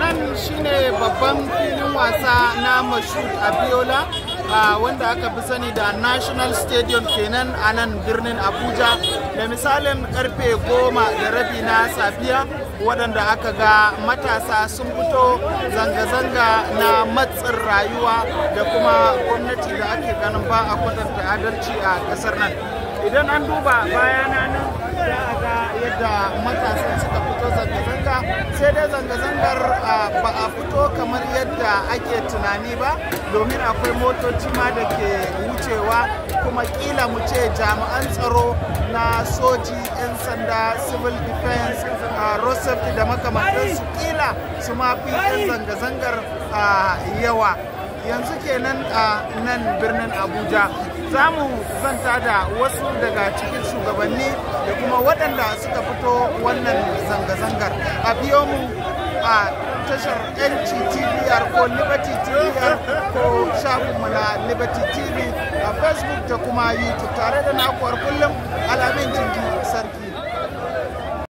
nan shine babban filin wasa na mashut abiola uh, wanda aka fi sani da national stadium kenan a nan birnin abuja da misalin karfe goma da rabi na safiya waɗanda aka ga matasa sun fito zanga-zanga na matsin rayuwa da kuma gwamnati da ake ganin ba a kwatanta adalci a ƙasar nan idan an duba bayana nan za a ga yadda matasa suka fito zanga-zanga sai dai zanga-zangar ba a fito kamar yadda ake tunani ba domin akwai motoci ma da ke wucewa kuma kila mu ce jami'an tsaro na soji 'yan sanda civil defense a safety da makamantansu kila su mafi 'yan zanga-zangar yawa yanzu kenan a nan birnin abuja za mu zanta da wasu daga cikin shugabanni da kuma waɗanda suka fito wannan zanga-zangar a biyo mu a tashar yanci ko liberty tvr ko shafinmu na liberty tv a facebook da kuma youtube tare da nakuwar kullum alamin jirgin.